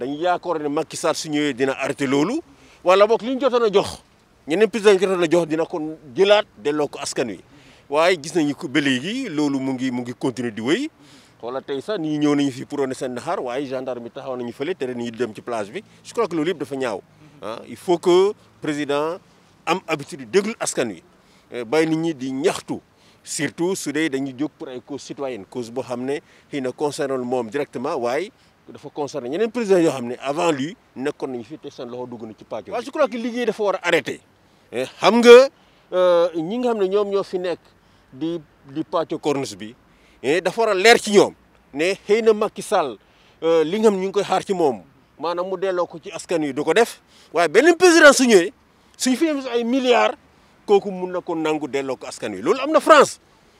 dañu yaakaar ne makki Sall su ñëwee dina arrêté loolu wala boog li ñu jotoon a jox ñeneen président yi jotoon a jox dina ko jëlaat delloo ko askan wi waaye gis nañu ko ba léegi loolu mu ngi mu ngi continuer di wéy wala tey sax nit ñi ñëw nañu fi pour ne seen naxaar waaye gendarme bi taxaw nañu fële tere nit ñi dem ci plage bi je crois que loolu yëpp dafa ñaaw ah il faut que président am habitude déglu askan wi eh, bay nit ñi di ñaxtu. surtout su dee dañuy jóg pour ay cause citoyenne cause boo xam ne xëy na concerne moom directement waaye dafa concerné ñeneen président yoo xam ne avant lui nekkoon nañu fi te seen loxo dugg na ci pàcc waaw je crois que liggéey dafa war a arrêté eh, xam nga euh, ñi nga xam ne ñoom ñoo fi nekk di di pàcc corniche bi eh, dafa war a leer ci ñoom ne xëy na Macky Sall euh, li nga xam ñu ngi koy xaar ci moom maanaam mu delloo ko ci askan wi du ko def waaye beneen président su ñëwee suñu fi yem ay milliards kooku mun na ko nangu delloo ko askan wi loolu am na France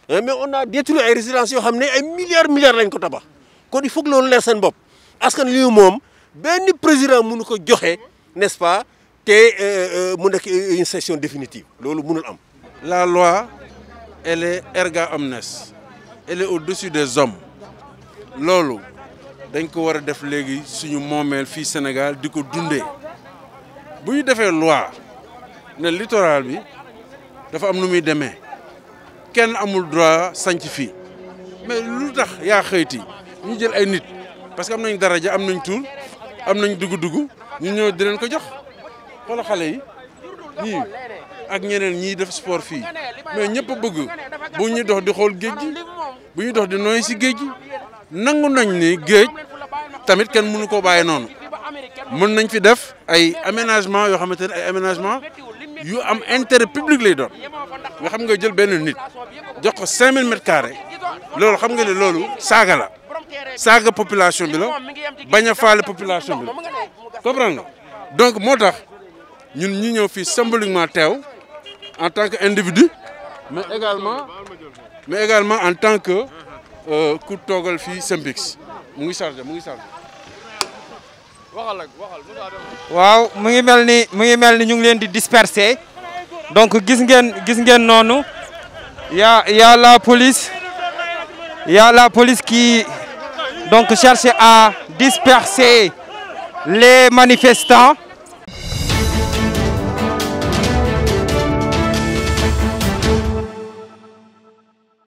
eh, mais on a détruit ay résidences yoo xam ne ay milliards milliards lañ ko tabax kon il faut que loolu leer seen bopp askan li mom ben président mënu ko joxé n'est-ce pas te euh, euh, mu nekk une session définitive loolu mënul am. la loi elle est erga omnes elle est au-dessus des hommes loolu dañ ko wara def légui suñu momel fi Sénégal diko dundé dundee défé loi ne littoral bi dafa am numuy démé demee kenn amul droit sanc mais lutax ya xeyti ñu jël ay nit. parce que am nañ daraja am nañu tuur am nañ dugg dugu ñu ñëw di leen ko jox xoolal xale yi ñii ak ñeneen ñii def sport fii mais ñëpp bëgg bu ñu dox di xool géej gi bu ñu dox di nooy si géej gi nangu nañ ni géej tamit kenn munu ko bàyyi noonu mën nañ fi def ay aménagement yoo xamante ne ay aménagement yu am intérêt public lay doon nga xam nga jël benn nit jox ko mille mètres carrés loolu xam nga ne loolu saaga la. saga population bi la faale population bi comprend comprendre nga donc motax ñun ñi ñëw fi symboliquement teew en tant que individu mais également mais également en tant que euh, ku togal fi sembix mu ngi chargé mu ngi charger waxal ak waxal waaw mu ngi melni mu ngi melni ñu ngi leen di disperser donc gis ngeen gis ngeen nonu y a y a la police y a la police qui donc chercher à disperser les manifestants.